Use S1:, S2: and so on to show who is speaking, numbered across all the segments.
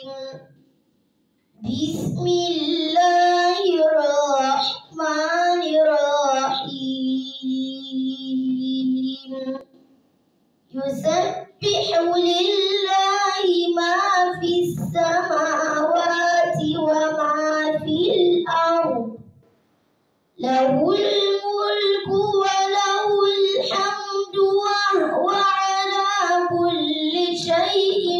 S1: بسم الله الرحمن الرحيم يسبح لله ما في السماوات وما في الأرض له الملك وله الحمد وهو على كل شيء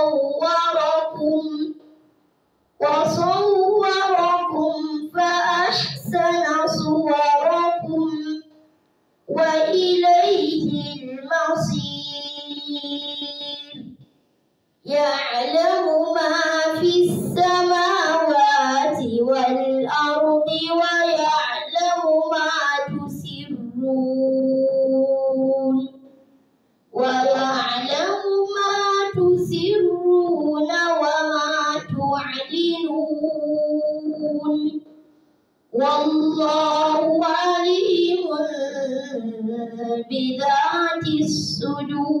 S1: وصوركم وصوركم فأحسن صوركم
S2: وإليه
S1: المصير
S2: يعلم ما في السماوات
S1: والأرض ويعلم
S2: والله عليم
S1: بذات الصدور